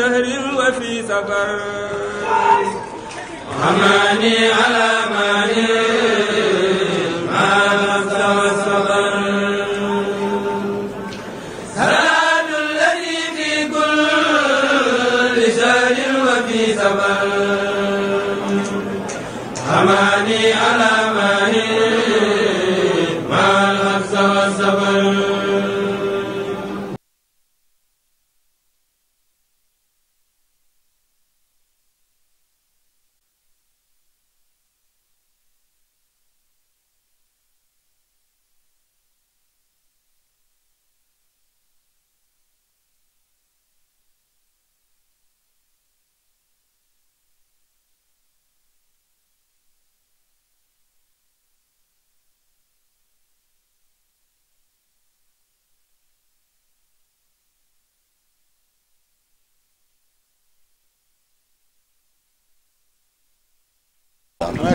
شهر وفي سفر وماني على ماني ما نفس والصبر سلام الذي في كل شهر وفي سفر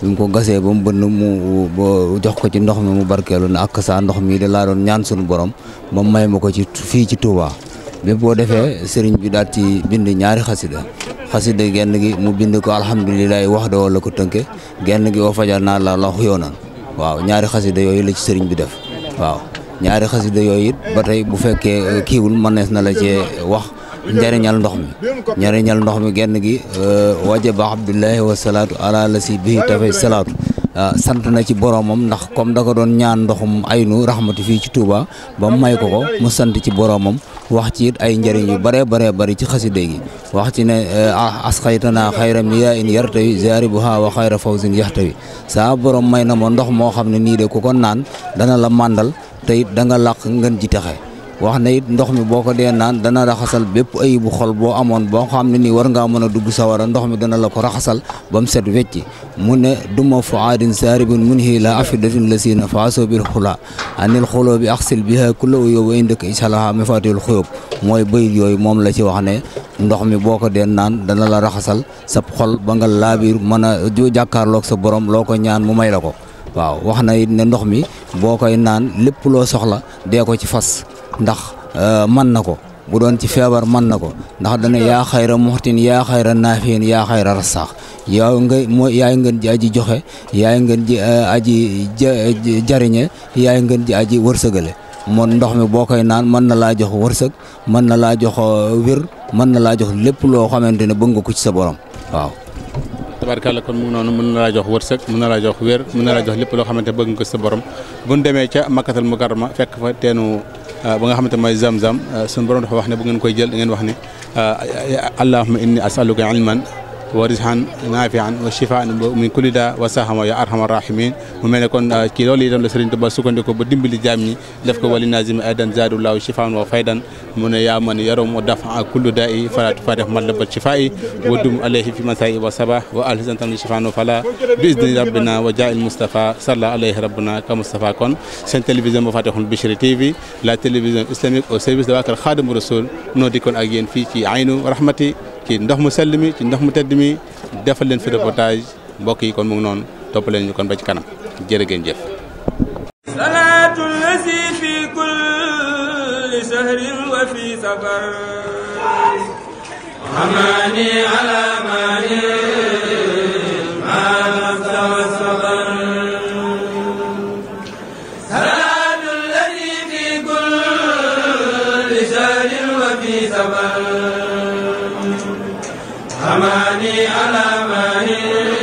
bi mu ko gasee ba mu bënn mu jox ko ci ndox mi mu barkeelu na ak saa ndox mi da laa doon ñaan suñu borom moom may ma ko ci fii ci Touba bi boo defee sëriñ bi daal ci bind ñaari xasida xasida genn gi mu bind ko alhamdulilahi wax de walla ko tënke genn gi wa fajal naa la lox yoonan waaw ñaari xasida yooyu la ci sëriñ bi def waaw ñaari xasida yooyu it ba tey bu fekkee eh, kiiwul nees na la cee wax njariñal ndox mi njariñal ndox mi genn gi euh, wajaba abdullahi wa salaatu ala la si bihi tafay salaatu ah, sant na ci boromam ndax comme da ko doon ñaan ndoxum aynu raxmati fii ci Touba ba mu may ko ko mu sant ci boromam wax ci it ay njëriñ yu bare bare bari ci xaside gi wax ci ne euh, ah, asxaytana xayra miyaa in yartawi jaaribuha wa xayra fawzin yaxtawi saa borom may na ma ndox moo xam ne nii de ko ko naan dana la màndal te it da nga làq ngën ji wax na it ndox mi boo ko dee naan dana raxasal bépp ayibu xol boo amoon boo xam ne nii war ngaa mën a dugg sawara ndox mi dana la ko raxasal ba mu set wecc mu ne duma fuaadin saaribin mun hii la afidatin la siina faasoo bil xula anil xuloo bi axsil biha kulla uyóoba indëkk isalaha mafatihul xuyób mooy bayit yooyu moom la ci wax ne ndox mi boo ko dee naan dana la raxasal sab xol ba nga laabiir mën a jàkkaarloog sa borom loo ko ñaan mu may la ko waaw wax na it ne ndox mi boo koy naan lépp loo soxla dee ko ci fas ndax euh, mën na ko bu doon ci feebar mën na ko ndax dana yaa xayra muxtin yaa xayra naafiin yaa xayra rasaax yow nga mooy yaay ngeen ji aji joxe yaay ngeen ji euh, aji jariñe yaay ngeen ji aji wërsëgale moon ndox mi boo koy naan mën na laa jox wërsëg mën na laa jox euh, wér mën na laa jox lépp loo xamante ne bëgg nga ko ci sa borom waaw tabarkàlla kon mu ngi noonu mën na laa jox wërsëg mën na laa jox wér mën na laa jox lépp loo xamante bëgg nga ko sa borom bu ñu demee ca makkatal mukarrama fekk fa teenu euh, ba nga xamante mooy zam-zam euh, suñu borom dafa wax ne bu ngeen koy jël da ngeen wax ne euh, allahumma inni asaluka ilman wa rizhan nafian wa shifaan min kulli daa wa sahama ya arhamar rahimin mu mel ne kon kii loolu itam la Sëriñ Tuubaa sukkandiku ba dimbali jaam ñi def ko wali nazim aidan zaadullahu shifaan wa faydan mu ne yaa man yarum wa kullu daa i fala tufaarif matlaba shifaa i wa dum alayhi fi masaa i wa wa alhisantan shifaan wa fala bi izni rabbina wa jaa il mustafa salla alayhi rabbuna ka mustafa kon seen télévision ba fatihul bichri tv la télévision ci ndox mu sell mi ci ndox mu tedd mi defal leen fi reportage mbokk yi kon mu ngi noonu topp leen ñu kon ba kanam jërë ngeen jëf lasi fi kulli sahrin wa fi safar amani ala mani